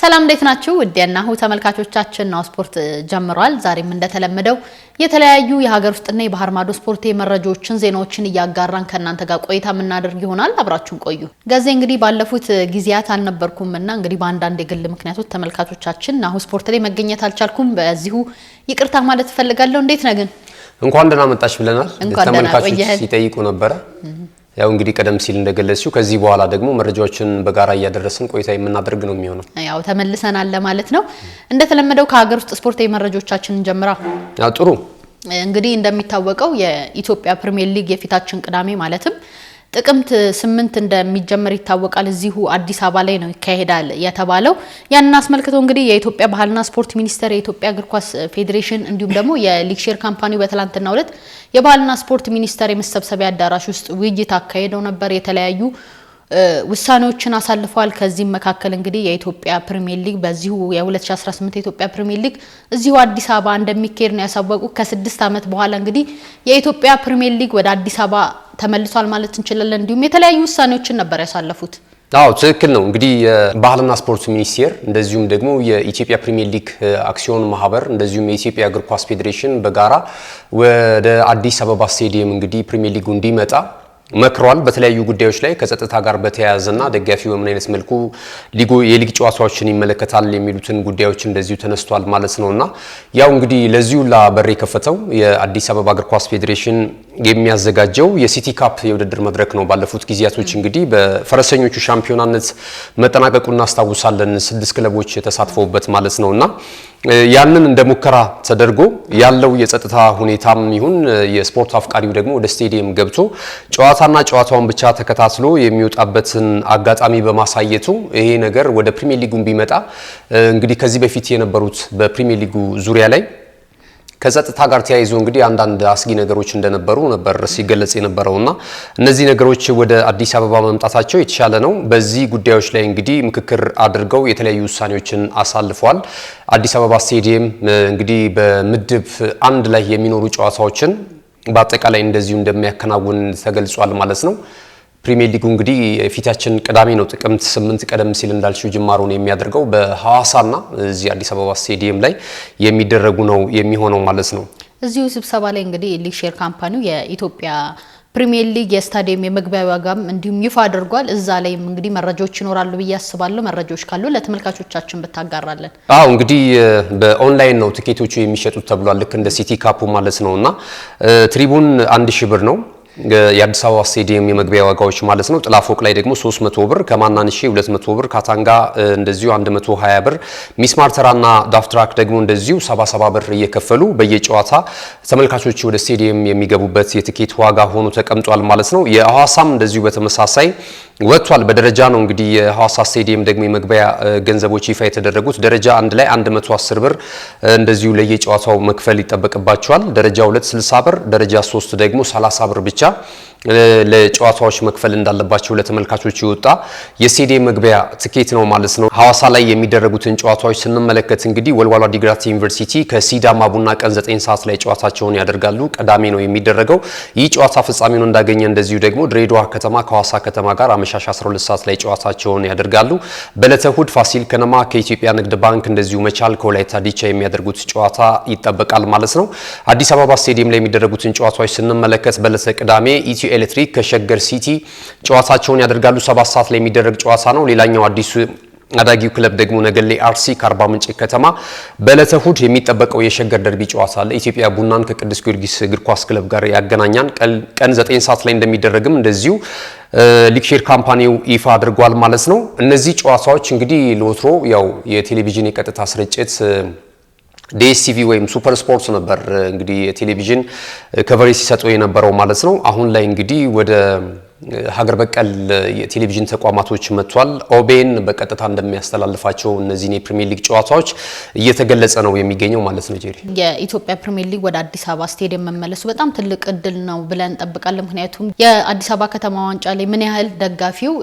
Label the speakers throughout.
Speaker 1: ሰላም እንዴት ናችሁ? ውድ የናሁ ተመልካቾቻችን፣ ናሁ ስፖርት ጀምሯል። ዛሬም እንደተለመደው የተለያዩ የሀገር ውስጥና የባህር ማዶ ስፖርት መረጃዎችን፣ ዜናዎችን እያጋራን ከእናንተ ጋር ቆይታ የምናደርግ ይሆናል። አብራችሁን ቆዩ። ገዜ እንግዲህ ባለፉት ጊዜያት አልነበርኩም እና እንግዲህ በአንዳንድ የግል ምክንያቶች ተመልካቾቻችን ናሁ ስፖርት ላይ መገኘት አልቻልኩም። በዚሁ ይቅርታ ማለት እፈልጋለሁ። እንዴት ነህ ግን?
Speaker 2: እንኳን ደህና መጣሽ ብለናል። ተመልካቾች ሲጠይቁ ነበረ ያው እንግዲህ ቀደም ሲል እንደገለጽሽው ከዚህ በኋላ ደግሞ መረጃዎችን በጋራ እያደረስን ቆይታ የምናደርግ ነው የሚሆነው።
Speaker 1: ያው ተመልሰናል ለማለት ነው። እንደተለመደው ከሀገር ውስጥ ስፖርታዊ መረጃዎቻችንን ጀምራ ጥሩ እንግዲህ እንደሚታወቀው የኢትዮጵያ ፕሪሚየር ሊግ የፊታችን ቅዳሜ ማለትም ጥቅምት ስምንት እንደሚጀመር ይታወቃል። እዚሁ አዲስ አበባ ላይ ነው ይካሄዳል የተባለው። ያንን አስመልክቶ እንግዲህ የኢትዮጵያ ባህልና ስፖርት ሚኒስቴር፣ የኢትዮጵያ እግር ኳስ ፌዴሬሽን እንዲሁም ደግሞ የሊክሼር ካምፓኒው በትላንትናው ዕለት የባህልና ስፖርት ሚኒስቴር የመሰብሰቢያ አዳራሽ ውስጥ ውይይት አካሄደው ነበር የተለያዩ ውሳኔዎችን አሳልፈዋል። ከዚህም መካከል እንግዲህ የኢትዮጵያ ፕሪሚየር ሊግ በዚሁ የ2018 የኢትዮጵያ ፕሪሚየር ሊግ እዚሁ አዲስ አበባ እንደሚካሄድ ነው ያሳወቁ። ከስድስት ዓመት በኋላ እንግዲህ የኢትዮጵያ ፕሪሚየር ሊግ ወደ አዲስ አበባ ተመልሷል ማለት እንችላለን። እንዲሁም የተለያዩ ውሳኔዎችን ነበር ያሳለፉት።
Speaker 2: አዎ ትክክል ነው። እንግዲህ የባህልና ስፖርት ሚኒስቴር እንደዚሁም ደግሞ የኢትዮጵያ ፕሪሚየር ሊግ አክሲዮን ማህበር እንደዚሁም የኢትዮጵያ እግር ኳስ ፌዴሬሽን በጋራ ወደ አዲስ አበባ ስቴዲየም እንግዲህ ፕሪሚየር ሊጉ እንዲመጣ መክሯል። በተለያዩ ጉዳዮች ላይ ከጸጥታ ጋር በተያያዘና ደጋፊው በምን አይነት መልኩ የሊግ ጨዋታዎችን ይመለከታል የሚሉትን ጉዳዮች እንደዚሁ ተነስቷል ማለት ነውና ያው እንግዲህ ለዚሁ ላበር የከፈተው የአዲስ አበባ እግር ኳስ ፌዴሬሽን የሚያዘጋጀው የሲቲ ካፕ የውድድር መድረክ ነው። ባለፉት ጊዜያቶች እንግዲህ በፈረሰኞቹ ሻምፒዮናነት መጠናቀቁ እናስታውሳለን። ስድስት ክለቦች የተሳትፈውበት ማለት ነውና ያንን እንደ ሙከራ ተደርጎ ያለው የጸጥታ ሁኔታም ይሁን የስፖርት አፍቃሪው ደግሞ ወደ ስቴዲየም ገብቶ ጨዋታና ጨዋታውን ብቻ ተከታትሎ የሚወጣበትን አጋጣሚ በማሳየቱ ይሄ ነገር ወደ ፕሪሚየር ሊጉም ቢመጣ እንግዲህ ከዚህ በፊት የነበሩት በፕሪሚየር ሊጉ ዙሪያ ላይ ከጸጥታ ጋር ተያይዞ እንግዲህ አንዳንድ አስጊ ነገሮች እንደነበሩ ነበር ሲገለጽ የነበረውና እነዚህ ነገሮች ወደ አዲስ አበባ መምጣታቸው የተሻለ ነው። በዚህ ጉዳዮች ላይ እንግዲህ ምክክር አድርገው የተለያዩ ውሳኔዎችን አሳልፈዋል። አዲስ አበባ ስቴዲየም እንግዲህ በምድብ አንድ ላይ የሚኖሩ ጨዋታዎችን በአጠቃላይ እንደዚሁ እንደሚያከናውን ተገልጿል ማለት ነው። ፕሪሚየር ሊጉ እንግዲህ የፊታችን ቅዳሜ ነው ጥቅምት ስምንት ቀደም ሲል እንዳልሽው ጅማሮን የሚያደርገው በሐዋሳና እዚህ አዲስ አበባ ስቴዲየም ላይ የሚደረጉ ነው የሚሆነው ማለት ነው።
Speaker 1: እዚሁ ስብሰባ ላይ እንግዲህ ሊግ ሼር ካምፓኒው የኢትዮጵያ ፕሪሚየር ሊግ የስታዲየም የመግቢያ ዋጋም እንዲሁም ይፋ አድርጓል። እዛ ላይም እንግዲህ መረጃዎች ይኖራሉ ብዬ አስባለሁ። መረጃዎች ካሉ ለተመልካቾቻችን ብታጋራለን።
Speaker 2: አዎ እንግዲህ በኦንላይን ነው ትኬቶቹ የሚሸጡት ተብሏል። ልክ እንደ ሲቲ ካፑ ማለት ነው እና ትሪቡን አንድ ሺ ብር ነው የአዲስ አበባ ስቴዲየም የመግቢያ ዋጋዎች ማለት ነው። ጥላፎቅ ላይ ደግሞ 300 ብር፣ ከማናንሺ 200 ብር፣ ካታንጋ እንደዚሁ 120 ብር፣ ሚስማር ተራና ዳፍትራክ ደግሞ እንደዚሁ 77 ብር እየከፈሉ በየጨዋታ ተመልካቾች ወደ ስቴዲየም የሚገቡበት የትኬት ዋጋ ሆኖ ተቀምጧል ማለት ነው። የሐዋሳም እንደዚሁ በተመሳሳይ ወጥቷል። በደረጃ ነው እንግዲህ የሐዋሳ ስቴዲየም ደግሞ የመግቢያ ገንዘቦች ይፋ የተደረጉት ደረጃ አንድ ላይ 110 ብር እንደዚሁ ለየጨዋታው መክፈል ይጠበቅባቸዋል። ደረጃ 2 60 ብር፣ ደረጃ 3 ደግሞ 30 ብር ብቻ ለጨዋታዎች መክፈል እንዳለባቸው ለተመልካቾች የወጣ የሴዴ መግቢያ ትኬት ነው ማለት ነው። ሀዋሳ ላይ የሚደረጉትን ጨዋታዎች ስንመለከት እንግዲህ ወልዋሎ ዓዲግራት ዩኒቨርሲቲ ከሲዳማ ቡና ቀን 9 ሰዓት ላይ ጨዋታቸውን ያደርጋሉ። ቅዳሜ ነው የሚደረገው ይህ ጨዋታ ፍጻሜውን እንዳገኘ እንደዚሁ ደግሞ ድሬዳዋ ከተማ ከሐዋሳ ከተማ ጋር አመሻሽ 12 ሰዓት ላይ ጨዋታቸውን ያደርጋሉ። በዕለተ እሁድ ፋሲል ከነማ ከኢትዮጵያ ንግድ ባንክ እንደዚሁ መቻል ከወላይታ ዲቻ የሚያደርጉት ጨዋታ ይጠበቃል ማለት ነው። አዲስ አበባ ስቴዲየም ላይ የሚደረጉትን ጨዋታዎች ስንመለከት በዕለተ ቅዳሜ ኢትዮ ኤሌክትሪክ ከሸገር ሲቲ ጨዋታቸውን ያደርጋሉ። ሰባት ሰዓት ላይ የሚደረግ ጨዋታ ነው። ሌላኛው አዲሱ አዳጊው ክለብ ደግሞ ነገሌ አርሲ ከአርባ ምንጭ ከተማ። በዕለተ እሁድ የሚጠበቀው የሸገር ደርቢ ጨዋታ አለ። ኢትዮጵያ ቡናን ከቅዱስ ጊዮርጊስ እግር ኳስ ክለብ ጋር ያገናኛል። ቀን ዘጠኝ ሰዓት ላይ እንደሚደረግም እንደዚሁ ሊክሼር ካምፓኒው ይፋ አድርጓል ማለት ነው። እነዚህ ጨዋታዎች እንግዲህ ለወትሮ ያው የቴሌቪዥን የቀጥታ ስርጭት ዲኤስቲቪ ወይም ሱፐር ስፖርት ነበር እንግዲህ የቴሌቪዥን ከቨሬ ሲሰጠው የነበረው ማለት ነው። አሁን ላይ እንግዲህ ወደ ሀገር በቀል የቴሌቪዥን ተቋማቶች መጥቷል። ኦቤን በቀጥታ እንደሚያስተላልፋቸው እነዚህን የፕሪሚየር ሊግ ጨዋታዎች እየተገለጸ ነው የሚገኘው ማለት ነው። ጄሪ
Speaker 1: የኢትዮጵያ ፕሪሚየር ሊግ ወደ አዲስ አበባ ስቴዲየም መመለሱ በጣም ትልቅ እድል ነው ብለን እንጠብቃለን። ምክንያቱም የአዲስ አበባ ከተማ ዋንጫ ላይ ምን ያህል ደጋፊው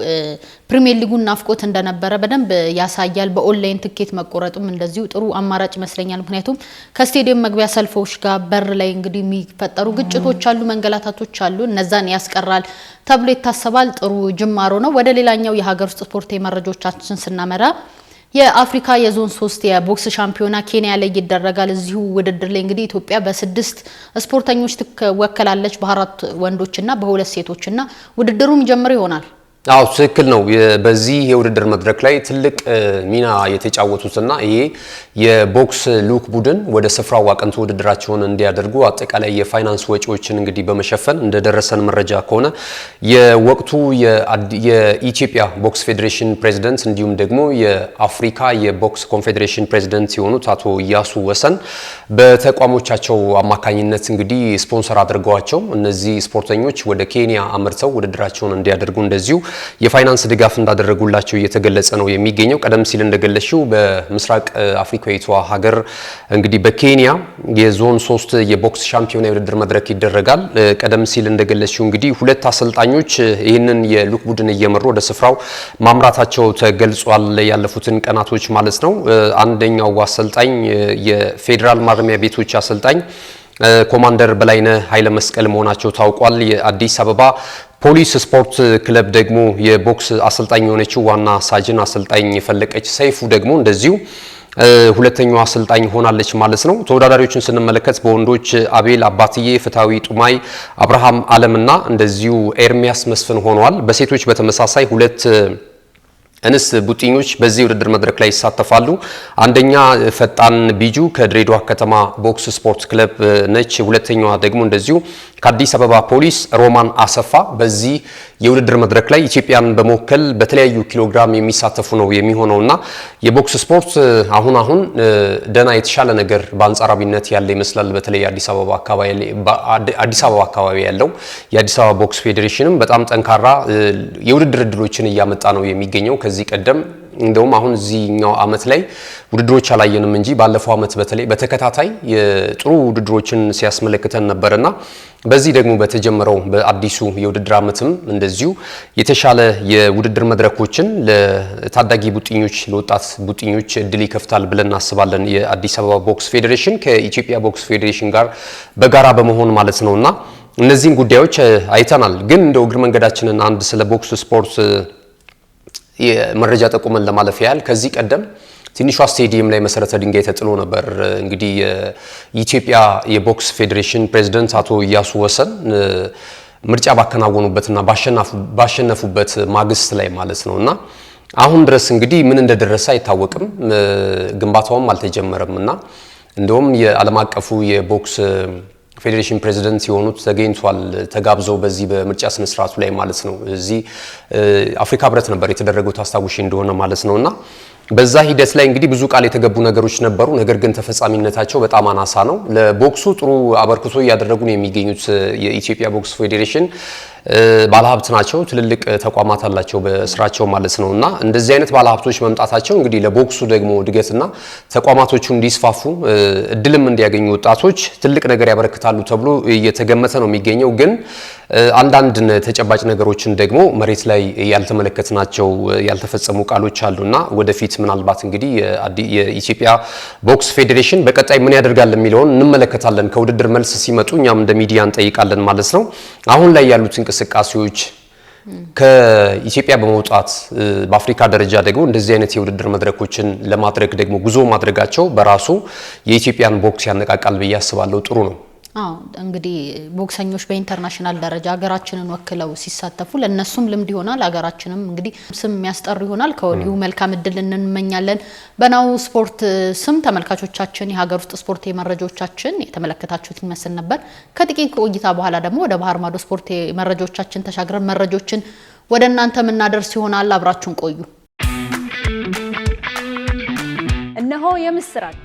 Speaker 1: ፕሪሚየር ሊጉን ናፍቆት እንደነበረ በደንብ ያሳያል። በኦንላይን ትኬት መቆረጡም እንደዚሁ ጥሩ አማራጭ ይመስለኛል። ምክንያቱም ከስቴዲየም መግቢያ ሰልፎች ጋር በር ላይ እንግዲህ የሚፈጠሩ ግጭቶች አሉ፣ መንገላታቶች አሉ። እነዛን ያስቀራል። ተብሎ ይታሰባል። ጥሩ ጅማሮ ነው። ወደ ሌላኛው የሀገር ውስጥ ስፖርት መረጃዎቻችን ስናመራ የአፍሪካ የዞን ሶስት የቦክስ ሻምፒዮና ኬንያ ላይ ይደረጋል። እዚሁ ውድድር ላይ እንግዲህ ኢትዮጵያ በስድስት ስፖርተኞች ትወከላለች፣ በአራት ወንዶችና በሁለት ሴቶችና ውድድሩ ጀምሮ ይሆናል።
Speaker 2: አዎ ትክክል ነው። በዚህ የውድድር መድረክ ላይ ትልቅ ሚና የተጫወቱትና ይሄ የቦክስ ሉክ ቡድን ወደ ስፍራው አቅንቶ ውድድራቸውን እንዲያደርጉ አጠቃላይ የፋይናንስ ወጪዎችን እንግዲህ በመሸፈን እንደደረሰን መረጃ ከሆነ የወቅቱ የኢትዮጵያ ቦክስ ፌዴሬሽን ፕሬዚደንት እንዲሁም ደግሞ የአፍሪካ የቦክስ ኮንፌዴሬሽን ፕሬዚደንት የሆኑት አቶ እያሱ ወሰን በተቋሞቻቸው አማካኝነት እንግዲህ ስፖንሰር አድርገዋቸው እነዚህ ስፖርተኞች ወደ ኬንያ አምርተው ውድድራቸውን እንዲያደርጉ እንደዚሁ የፋይናንስ ድጋፍ እንዳደረጉላቸው እየተገለጸ ነው የሚገኘው። ቀደም ሲል እንደገለሽው በምስራቅ አፍሪካዊቷ ሀገር እንግዲህ በኬንያ የዞን ሶስት የቦክስ ሻምፒዮና የውድድር መድረክ ይደረጋል። ቀደም ሲል እንደገለሽው እንግዲህ ሁለት አሰልጣኞች ይህንን የሉክ ቡድን እየመሩ ወደ ስፍራው ማምራታቸው ተገልጿል። ያለፉትን ቀናቶች ማለት ነው። አንደኛው አሰልጣኝ የፌዴራል ማረሚያ ቤቶች አሰልጣኝ ኮማንደር በላይነህ ኃይለ መስቀል መሆናቸው ታውቋል። የአዲስ አበባ ፖሊስ ስፖርት ክለብ ደግሞ የቦክስ አሰልጣኝ የሆነችው ዋና ሳጅን አሰልጣኝ የፈለቀች ሰይፉ ደግሞ እንደዚሁ ሁለተኛው አሰልጣኝ ሆናለች ማለት ነው። ተወዳዳሪዎችን ስንመለከት በወንዶች አቤል አባትዬ፣ ፍትሃዊ ጡማይ፣ አብርሃም አለምና እንደዚሁ ኤርሚያስ መስፍን ሆነዋል። በሴቶች በተመሳሳይ ሁለት እንስ ቡጢኞች በዚህ ውድድር መድረክ ላይ ይሳተፋሉ። አንደኛ ፈጣን ቢጁ ከድሬዳዋ ከተማ ቦክስ ስፖርት ክለብ ነች። ሁለተኛዋ ደግሞ እንደዚሁ ከአዲስ አበባ ፖሊስ ሮማን አሰፋ በዚህ የውድድር መድረክ ላይ ኢትዮጵያን በመወከል በተለያዩ ኪሎግራም የሚሳተፉ ነው የሚሆነው እና የቦክስ ስፖርት አሁን አሁን ደህና የተሻለ ነገር በአንጻራዊነት ያለ ይመስላል። በተለይ አዲስ አበባ አካባቢ ያለው የአዲስ አበባ ቦክስ ፌዴሬሽንም በጣም ጠንካራ የውድድር እድሎችን እያመጣ ነው የሚገኘው ከዚህ ቀደም እንደውም አሁን እዚህኛው አመት ላይ ውድድሮች አላየንም እንጂ ባለፈው አመት በተለይ በተከታታይ ጥሩ ውድድሮችን ሲያስመለክተን ነበርና በዚህ ደግሞ በተጀመረው በአዲሱ የውድድር አመትም እንደዚሁ የተሻለ የውድድር መድረኮችን ለታዳጊ ቡጥኞች፣ ለወጣት ቡጥኞች እድል ይከፍታል ብለን እናስባለን። የአዲስ አበባ ቦክስ ፌዴሬሽን ከኢትዮጵያ ቦክስ ፌዴሬሽን ጋር በጋራ በመሆን ማለት ነውና እነዚህን ጉዳዮች አይተናል። ግን እንደው እግር መንገዳችንን አንድ ስለ ቦክስ ስፖርት የመረጃ ጠቁመን ለማለፍ ያህል ከዚህ ቀደም ትንሿ ስቴዲየም ላይ መሰረተ ድንጋይ ተጥሎ ነበር። እንግዲህ የኢትዮጵያ የቦክስ ፌዴሬሽን ፕሬዚደንት አቶ እያሱ ወሰን ምርጫ ባከናወኑበትና ባሸነፉበት ማግስት ላይ ማለት ነው እና አሁን ድረስ እንግዲህ ምን እንደደረሰ አይታወቅም። ግንባታውም አልተጀመረም እና እንደውም የዓለም አቀፉ የቦክስ ፌዴሬሽን ፕሬዚደንት የሆኑት ተገኝቷል ተጋብዘው በዚህ በምርጫ ስነስርዓቱ ላይ ማለት ነው። እዚህ አፍሪካ ህብረት ነበር የተደረገው ታስታውሽ እንደሆነ ማለት ነው እና በዛ ሂደት ላይ እንግዲህ ብዙ ቃል የተገቡ ነገሮች ነበሩ። ነገር ግን ተፈጻሚነታቸው በጣም አናሳ ነው። ለቦክሱ ጥሩ አበርክቶ እያደረጉ ነው የሚገኙት የኢትዮጵያ ቦክስ ፌዴሬሽን ባለሀብት ናቸው፣ ትልልቅ ተቋማት አላቸው በስራቸው ማለት ነው። እና እንደዚህ አይነት ባለሀብቶች መምጣታቸው እንግዲህ ለቦክሱ ደግሞ እድገትና ተቋማቶቹ እንዲስፋፉ እድልም እንዲያገኙ ወጣቶች ትልቅ ነገር ያበረክታሉ ተብሎ እየተገመተ ነው የሚገኘው ግን አንዳንድ ተጨባጭ ነገሮችን ደግሞ መሬት ላይ ያልተመለከትናቸው ያልተፈጸሙ ቃሎች አሉና ወደፊት ምናልባት እንግዲህ የኢትዮጵያ ቦክስ ፌዴሬሽን በቀጣይ ምን ያደርጋል የሚለውን እንመለከታለን። ከውድድር መልስ ሲመጡ እኛም እንደ ሚዲያ እንጠይቃለን ማለት ነው። አሁን ላይ ያሉት እንቅስቃሴዎች ከኢትዮጵያ በመውጣት በአፍሪካ ደረጃ ደግሞ እንደዚህ አይነት የውድድር መድረኮችን ለማድረግ ደግሞ ጉዞ ማድረጋቸው በራሱ የኢትዮጵያን ቦክስ ያነቃቃል ብዬ አስባለሁ። ጥሩ ነው።
Speaker 1: አዎ እንግዲህ ቦክሰኞች በኢንተርናሽናል ደረጃ ሀገራችንን ወክለው ሲሳተፉ ለእነሱም ልምድ ይሆናል። ሀገራችንም እንግዲህ ስም የሚያስጠሩ ይሆናል። ከወዲሁ መልካም እድል እንመኛለን። በናሁ ስፖርት ስም ተመልካቾቻችን የሀገር ውስጥ ስፖርት መረጃዎቻችን የተመለከታችሁት ይመስል ነበር። ከጥቂት ቆይታ በኋላ ደግሞ ወደ ባህር ማዶ ስፖርት መረጃዎቻችን ተሻግረን መረጃዎችን ወደ እናንተ የምናደርስ ይሆናል። አብራችሁን ቆዩ። እነሆ የምስራች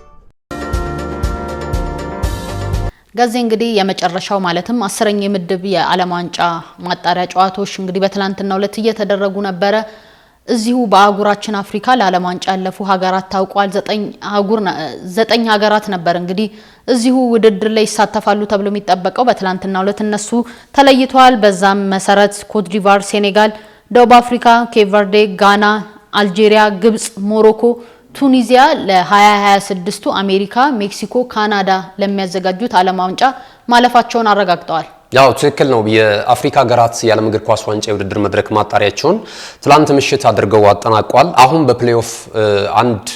Speaker 1: ጋዜ እንግዲህ የመጨረሻው ማለትም አስረኛ የምድብ የዓለም ዋንጫ ማጣሪያ ጨዋታዎች እንግዲህ በትላንትና ሁለት እየተደረጉ ነበረ። እዚሁ በአህጉራችን አፍሪካ ለዓለም ዋንጫ ያለፉ ሀገራት ታውቋል። ዘጠኝ ሀገራት ነበር እንግዲህ እዚሁ ውድድር ላይ ይሳተፋሉ ተብሎ የሚጠበቀው በትላንትና ሁለት እነሱ ተለይተዋል። በዛም መሰረት ኮትዲቫር፣ ሴኔጋል፣ ደቡብ አፍሪካ፣ ኬቨርዴ፣ ጋና፣ አልጄሪያ፣ ግብጽ፣ ሞሮኮ ቱኒዚያ ለ2026ቱ አሜሪካ፣ ሜክሲኮ፣ ካናዳ ለሚያዘጋጁት ዓለም ዋንጫ ማለፋቸውን አረጋግጠዋል።
Speaker 2: ያው ትክክል ነው። የአፍሪካ ሀገራት የዓለም እግር ኳስ ዋንጫ የውድድር መድረክ ማጣሪያቸውን ትላንት ምሽት አድርገው አጠናቋል። አሁን በፕሌይኦፍ አንድ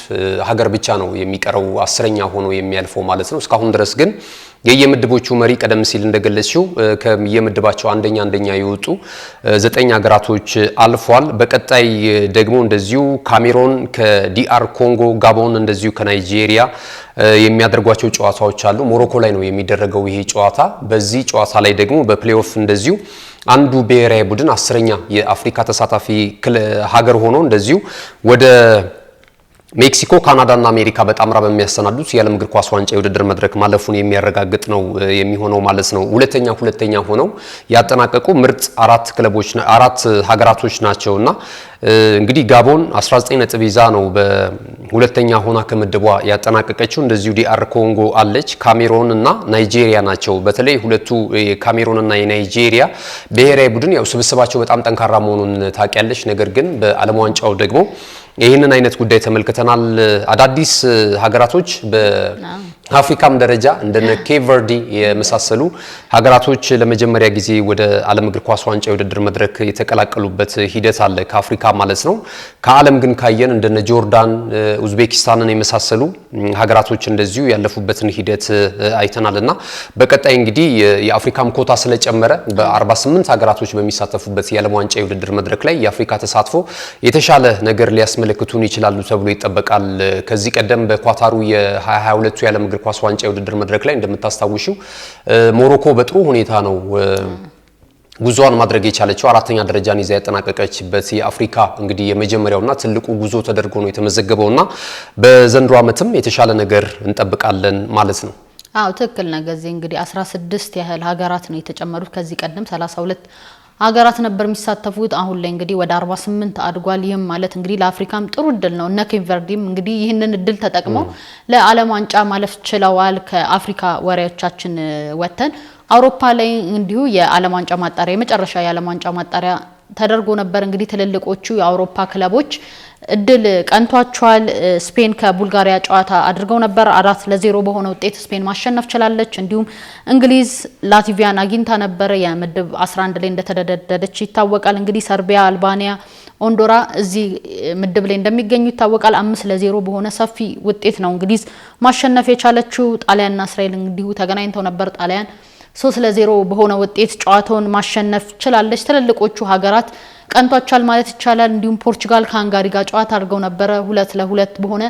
Speaker 2: ሀገር ብቻ ነው የሚቀረው አስረኛ ሆኖ የሚያልፈው ማለት ነው። እስካሁን ድረስ ግን የየምድቦቹ መሪ ቀደም ሲል እንደገለጽሽው ከየምድባቸው አንደኛ አንደኛ የወጡ ዘጠኝ ሀገራቶች አልፏል። በቀጣይ ደግሞ እንደዚሁ ካሜሮን ከዲአር ኮንጎ፣ ጋቦን እንደዚሁ ከናይጄሪያ የሚያደርጓቸው ጨዋታዎች አሉ። ሞሮኮ ላይ ነው የሚደረገው ይሄ ጨዋታ። በዚህ ጨዋታ ላይ ደግሞ በፕሌኦፍ እንደዚሁ አንዱ ብሔራዊ ቡድን አስረኛ የአፍሪካ ተሳታፊ ሀገር ሆኖ እንደዚሁ ወደ ሜክሲኮ፣ ካናዳና አሜሪካ በጣምራ በሚያሰናዱት የዓለም እግር ኳስ ዋንጫ የውድድር መድረክ ማለፉን የሚያረጋግጥ ነው የሚሆነው ማለት ነው። ሁለተኛ ሁለተኛ ሆነው ያጠናቀቁ ምርጥ አራት ክለቦች አራት ሀገራቶች ናቸውና እንግዲህ ጋቦን 19 ነጥብ ይዛ ነው በሁለተኛ ሆና ከምድቧ ያጠናቀቀችው። እንደዚሁ ዲአር ኮንጎ አለች። ካሜሮን እና ናይጄሪያ ናቸው። በተለይ ሁለቱ የካሜሮን እና የናይጄሪያ ብሔራዊ ቡድን ያው ስብስባቸው በጣም ጠንካራ መሆኑን ታውቂያለች። ነገር ግን በዓለም ዋንጫው ደግሞ ይህንን አይነት ጉዳይ ተመልክተናል። አዳዲስ ሀገራቶች አፍሪካም ደረጃ እንደነ ኬቨርዲ የመሳሰሉ ሀገራቶች ለመጀመሪያ ጊዜ ወደ ዓለም እግር ኳስ ዋንጫ የውድድር መድረክ የተቀላቀሉበት ሂደት አለ፣ ከአፍሪካ ማለት ነው። ከዓለም ግን ካየን እንደነ ጆርዳን፣ ኡዝቤኪስታንን የመሳሰሉ ሀገራቶች እንደዚሁ ያለፉበትን ሂደት አይተናል እና በቀጣይ እንግዲህ የአፍሪካም ኮታ ስለጨመረ በ48 ሀገራቶች በሚሳተፉበት የዓለም ዋንጫ የውድድር መድረክ ላይ የአፍሪካ ተሳትፎ የተሻለ ነገር ሊያስመለክቱን ይችላሉ ተብሎ ይጠበቃል። ከዚህ ቀደም በኳታሩ የ2022 የዓለም የእግር ኳስ ዋንጫ የውድድር መድረክ ላይ እንደምታስታውሽው ሞሮኮ በጥሩ ሁኔታ ነው ጉዞዋን ማድረግ የቻለችው አራተኛ ደረጃን ይዛ ያጠናቀቀችበት የአፍሪካ እንግዲህ የመጀመሪያውና ትልቁ ጉዞ ተደርጎ ነው የተመዘገበውና በዘንድሮ ዓመትም የተሻለ ነገር እንጠብቃለን ማለት ነው።
Speaker 1: አዎ ትክክል ነገ እንግዲህ 16 ያህል ሀገራት ነው የተጨመሩት። ከዚህ ቀደም 32 ሀገራት ነበር የሚሳተፉት። አሁን ላይ እንግዲህ ወደ 48 አድጓል። ይህም ማለት እንግዲህ ለአፍሪካም ጥሩ እድል ነው። እነ ኬንቨርዲም እንግዲህ ይህንን እድል ተጠቅመው ለዓለም ዋንጫ ማለፍ ችለዋል። ከአፍሪካ ወሬዎቻችን ወጥተን አውሮፓ ላይ እንዲሁ የዓለም ዋንጫ ማጣሪያ የመጨረሻ የዓለም ዋንጫ ማጣሪያ ተደርጎ ነበር። እንግዲህ ትልልቆቹ የአውሮፓ ክለቦች እድል ቀንቷቸዋል። ስፔን ከቡልጋሪያ ጨዋታ አድርገው ነበር። አራት ለዜሮ በሆነ ውጤት ስፔን ማሸነፍ ችላለች። እንዲሁም እንግሊዝ ላቲቪያን አግኝታ ነበር። የምድብ 11 ላይ እንደተደደደች ይታወቃል። እንግዲህ ሰርቢያ፣ አልባኒያ፣ ኦንዶራ እዚህ ምድብ ላይ እንደሚገኙ ይታወቃል። አምስት ለዜሮ በሆነ ሰፊ ውጤት ነው እንግሊዝ ማሸነፍ የቻለችው። ጣሊያንና እስራኤል እንዲሁ ተገናኝተው ነበር ጣሊያን ሶስት ለዜሮ በሆነ ውጤት ጨዋታውን ማሸነፍ ችላለች። ትልልቆቹ ሀገራት ቀንቷቸዋል ማለት ይቻላል። እንዲሁም ፖርቹጋል ከሀንጋሪ ጋር ጨዋታ አድርገው ነበረ። ሁለት ለሁለት በሆነ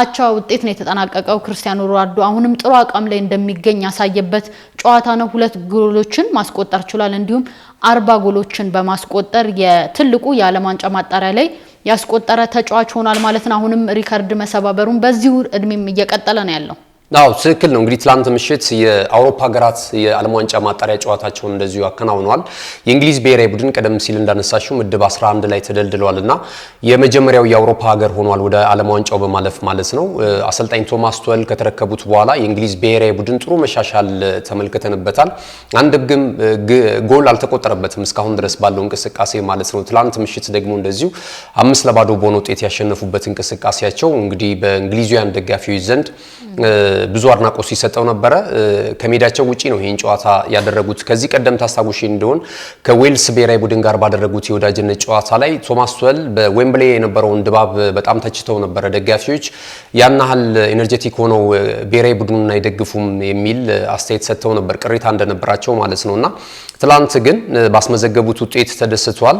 Speaker 1: አቻ ውጤት ነው የተጠናቀቀው። ክርስቲያኖ ሮናልዶ አሁንም ጥሩ አቋም ላይ እንደሚገኝ ያሳየበት ጨዋታ ነው። ሁለት ጎሎችን ማስቆጠር ችሏል። እንዲሁም አርባ ጎሎችን በማስቆጠር የትልቁ የዓለም ዋንጫ ማጣሪያ ላይ ያስቆጠረ ተጫዋች ሆኗል ማለት ነው። አሁንም ሪከርድ መሰባበሩን በዚሁ እድሜም እየቀጠለ ነው ያለው።
Speaker 2: አዎ ትክክል ነው። እንግዲህ ትላንት ምሽት የአውሮፓ ሀገራት የዓለም ዋንጫ ማጣሪያ ጨዋታቸውን እንደዚሁ አከናውነዋል። የእንግሊዝ ብሔራዊ ቡድን ቀደም ሲል እንዳነሳሽው ምድብ 11 ላይ ተደልድሏል እና የመጀመሪያው የአውሮፓ ሀገር ሆኗል ወደ ዓለም ዋንጫው በማለፍ ማለት ነው። አሰልጣኝ ቶማስ ቶል ከተረከቡት በኋላ የእንግሊዝ ብሔራዊ ቡድን ጥሩ መሻሻል ተመልክተንበታል። አንድ ግም ጎል አልተቆጠረበትም እስካሁን ድረስ ባለው እንቅስቃሴ ማለት ነው። ትላንት ምሽት ደግሞ እንደዚሁ አምስት ለባዶ በሆነ ውጤት ያሸነፉበት እንቅስቃሴያቸው እንግዲህ በእንግሊዛውያን ደጋፊዎች ዘንድ ብዙ አድናቆት ሲሰጠው ነበረ። ከሜዳቸው ውጪ ነው ይህን ጨዋታ ያደረጉት። ከዚህ ቀደም ታስታውሽ እንደሆን ከዌልስ ብሔራዊ ቡድን ጋር ባደረጉት የወዳጅነት ጨዋታ ላይ ቶማስ ቱኸል በዌምብሌ የነበረውን ድባብ በጣም ተችተው ነበረ። ደጋፊዎች ያን ያህል ኤነርጀቲክ ሆነው ብሔራዊ ቡድኑን አይደግፉም የሚል አስተያየት ሰጥተው ነበር፣ ቅሬታ እንደነበራቸው ማለት ነው እና ትላንት ግን ባስመዘገቡት ውጤት ተደስተዋል።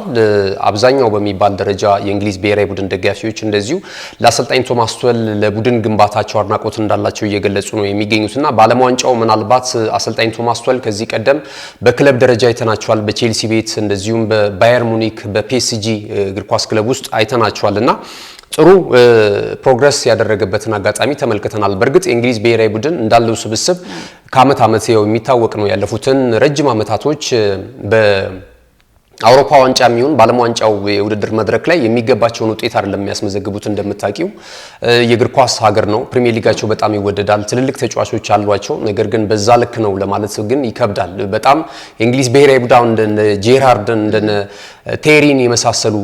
Speaker 2: አብዛኛው በሚባል ደረጃ የእንግሊዝ ብሔራዊ ቡድን ደጋፊዎች እንደዚሁ ለአሰልጣኝ ቶማስ ቱኸል ለቡድን ግንባታቸው አድናቆት እንዳላቸው እየገለጹ ነው የሚገኙትና በዓለም ዋንጫው ምናልባት አሰልጣኝ ቶማስ ቱኸል ከዚህ ቀደም በክለብ ደረጃ አይተናቸዋል። በቼልሲ ቤት እንደዚሁም በባየር ሙኒክ በፒኤስጂ እግር ኳስ ክለብ ውስጥ አይተናቸዋል እና ጥሩ ፕሮግረስ ያደረገበትን አጋጣሚ ተመልክተናል። በእርግጥ የእንግሊዝ ብሔራዊ ቡድን እንዳለው ስብስብ ከአመት አመት ው የሚታወቅ ነው። ያለፉትን ረጅም አመታቶች በአውሮፓ ዋንጫ የሚሆን በዓለም ዋንጫው የውድድር መድረክ ላይ የሚገባቸውን ውጤት አይደለም የሚያስመዘግቡት። እንደምታውቂው የእግር ኳስ ሀገር ነው። ፕሪሚየር ሊጋቸው በጣም ይወደዳል። ትልልቅ ተጫዋቾች አሏቸው። ነገር ግን በዛ ልክ ነው ለማለት ግን ይከብዳል። በጣም የእንግሊዝ ብሔራዊ ቡድን እንደ ጄራርድን እንደ ቴሪን የመሳሰሉ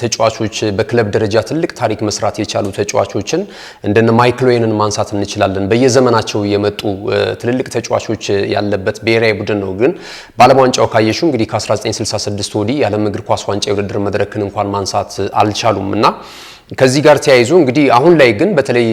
Speaker 2: ተጫዋቾች በክለብ ደረጃ ትልቅ ታሪክ መስራት የቻሉ ተጫዋቾችን እንደነ ማይክሎዌንን ማንሳት እንችላለን። በየዘመናቸው የመጡ ትልልቅ ተጫዋቾች ያለበት ብሔራዊ ቡድን ነው። ግን በዓለም ዋንጫው ካየሹ እንግዲህ ከ1966 ወዲህ የዓለም እግር ኳስ ዋንጫ የውድድር መድረክን እንኳን ማንሳት አልቻሉም እና ከዚህ ጋር ተያይዞ እንግዲህ አሁን ላይ ግን በተለይ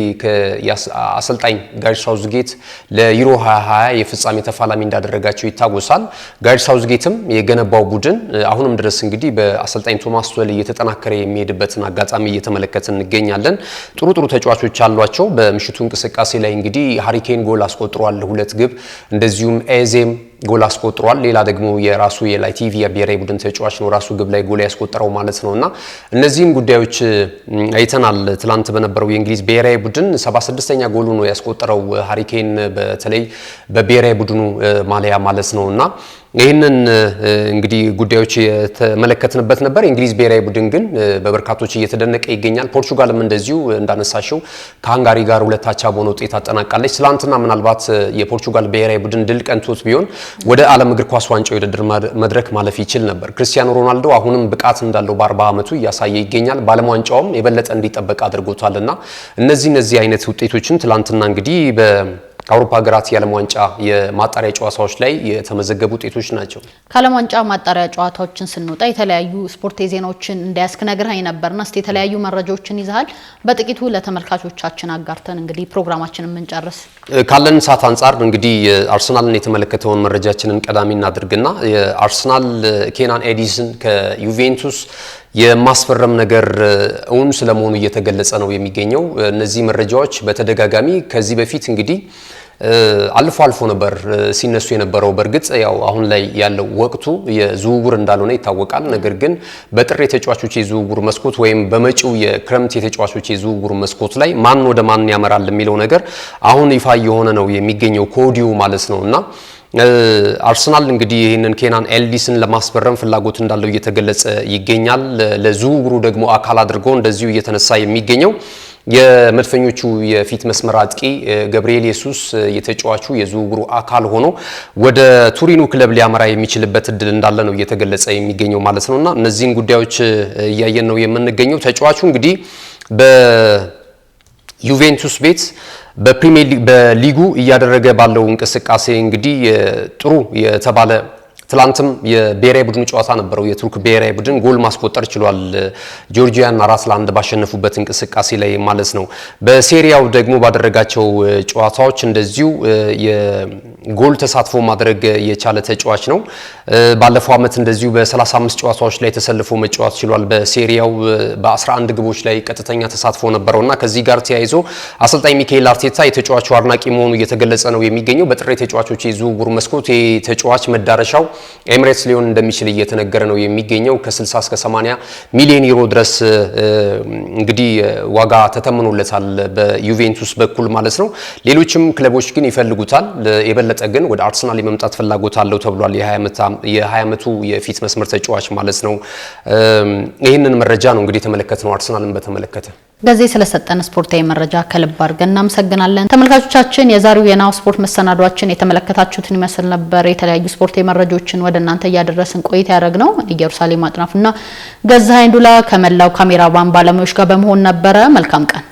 Speaker 2: አሰልጣኝ ጋሪ ሳውዝጌት ለዩሮ 2020 የፍጻሜ ተፋላሚ እንዳደረጋቸው ይታወሳል። ጋሪ ሳውዝጌትም የገነባው ቡድን አሁንም ድረስ እንግዲህ በአሰልጣኝ ቶማስ ቱኸል እየተጠናከረ የሚሄድበትን አጋጣሚ እየተመለከት እንገኛለን። ጥሩ ጥሩ ተጫዋቾች አሏቸው። በምሽቱ እንቅስቃሴ ላይ እንግዲህ ሀሪኬን ጎል አስቆጥሯል፣ ሁለት ግብ እንደዚሁም ኤዜም ጎል አስቆጥሯል። ሌላ ደግሞ የራሱ የላቲቪ የብሔራዊ ቡድን ተጫዋች ነው ራሱ ግብ ላይ ጎል ያስቆጠረው ማለት ነው እና እነዚህን ጉዳዮች አይተናል። ትላንት በነበረው የእንግሊዝ ብሔራዊ ቡድን 76ኛ ጎሉ ነው ያስቆጠረው ሀሪኬን በተለይ በብሔራዊ ቡድኑ ማሊያ ማለት ነው እና ይህንን እንግዲህ ጉዳዮች የተመለከትንበት ነበር። የእንግሊዝ ብሔራዊ ቡድን ግን በበርካቶች እየተደነቀ ይገኛል። ፖርቹጋልም እንደዚሁ እንዳነሳሽው ከሃንጋሪ ጋር ሁለት አቻ በሆነ ውጤት አጠናቃለች። ትላንትና ምናልባት የፖርቹጋል ብሔራዊ ቡድን ድል ቀንቶት ቢሆን ወደ ዓለም እግር ኳስ ዋንጫ ውድድር መድረክ ማለፍ ይችል ነበር። ክርስቲያኖ ሮናልዶ አሁንም ብቃት እንዳለው በአርባ ዓመቱ እያሳየ ይገኛል። በዓለም ዋንጫውም የበለጠ እንዲጠበቅ እና እነዚህ እነዚህ አይነት ውጤቶችን ትላንትና እንግዲህ ከአውሮፓ ሀገራት የዓለም ዋንጫ የማጣሪያ ጨዋታዎች ላይ የተመዘገቡ ውጤቶች ናቸው።
Speaker 1: ከዓለም ዋንጫ ማጣሪያ ጨዋታዎችን ስንወጣ የተለያዩ ስፖርታዊ ዜናዎችን እንዳያስክ ነግረኸኝ ነበርና እስቲ የተለያዩ መረጃዎችን ይዘሃል። በጥቂቱ ለተመልካቾቻችን አጋርተን እንግዲህ ፕሮግራማችን የምንጨርስ
Speaker 2: ካለን ሰዓት አንጻር እንግዲህ አርሰናልን የተመለከተውን መረጃችንን ቀዳሚ እናድርግና የአርሰናል ኬናን ኤዲስን ከዩቬንቱስ የማስፈረም ነገር እውን ስለመሆኑ እየተገለጸ ነው የሚገኘው። እነዚህ መረጃዎች በተደጋጋሚ ከዚህ በፊት እንግዲህ አልፎ አልፎ ነበር ሲነሱ የነበረው። በእርግጥ ያው አሁን ላይ ያለው ወቅቱ የዝውውር እንዳልሆነ ይታወቃል። ነገር ግን በጥር የተጫዋቾች የዝውውር መስኮት ወይም በመጪው የክረምት የተጫዋቾች የዝውውር መስኮት ላይ ማን ወደ ማን ያመራል የሚለው ነገር አሁን ይፋ የሆነ ነው የሚገኘው ከወዲሁ ማለት ነው እና አርሰናል እንግዲህ ይህንን ኬናን ኤልዲስን ለማስፈረም ፍላጎት እንዳለው እየተገለጸ ይገኛል። ለዝውውሩ ደግሞ አካል አድርጎ እንደዚሁ እየተነሳ የሚገኘው የመድፈኞቹ የፊት መስመር አጥቂ ገብርኤል ኢየሱስ የተጫዋቹ የዝውውሩ አካል ሆኖ ወደ ቱሪኑ ክለብ ሊያመራ የሚችልበት እድል እንዳለ ነው እየተገለጸ የሚገኘው ማለት ነውና እነዚህን ጉዳዮች እያየን ነው የምንገኘው። ተጫዋቹ እንግዲህ በዩቬንቱስ ቤት በፕሪሚየር በሊጉ እያደረገ ባለው እንቅስቃሴ እንግዲህ ጥሩ የተባለ ትላንትም የብሔራዊ ቡድን ጨዋታ ነበረው። የቱርክ ብሔራዊ ቡድን ጎል ማስቆጠር ችሏል፣ ጆርጂያን አራት ለአንድ ባሸነፉበት እንቅስቃሴ ላይ ማለት ነው። በሴሪያው ደግሞ ባደረጋቸው ጨዋታዎች እንደዚሁ የጎል ተሳትፎ ማድረግ የቻለ ተጫዋች ነው። ባለፈው ዓመት እንደዚሁ በ35 ጨዋታዎች ላይ ተሰልፎ መጫወት ችሏል። በሴሪያው በ11 ግቦች ላይ ቀጥተኛ ተሳትፎ እና ከዚህ ጋር ተያይዞ አሰልጣኝ ሚካኤል አርቴታ የተጫዋቹ አድናቂ መሆኑ እየተገለጸ ነው የሚገኘው። በጥሬ ተጫዋቾች የዝውውር መስኮት ተጫዋች መዳረሻው ኤምሬትስ ሊሆን እንደሚችል እየተነገረ ነው የሚገኘው ከ60 እስከ 80 ሚሊዮን ዩሮ ድረስ እንግዲህ ዋጋ ተተምኖለታል በዩቬንቱስ በኩል ማለት ነው። ሌሎችም ክለቦች ግን ይፈልጉታል። የበለጠ ግን ወደ አርሰናል የመምጣት ፍላጎት አለው ተብሏል። የ20 ዓመቱ የፊት መስመር ተጫዋች ማለት ነው። ይህንን መረጃ ነው እንግዲህ የተመለከትነው አርሰናልን በተመለከተ
Speaker 1: ጊዜ ስለሰጠን ስፖርታዊ መረጃ ከልብ አድርገን እናመሰግናለን። ተመልካቾቻችን የዛሬው የናሁ ስፖርት መሰናዷችን የተመለከታችሁትን ይመስል ነበር። የተለያዩ ስፖርታዊ መረጃዎችን ወደ እናንተ እያደረስን ቆይታ ያደረግ ነው ኢየሩሳሌም አጥናፍና ገዛ ዱላ ከመላው ካሜራማን ባለሙያዎች ጋር በመሆን ነበረ። መልካም ቀን